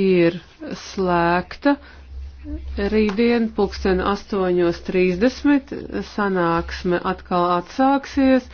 ir slēgta. Rītdien pulksten 8.30 sanāksme atkal atsāksies.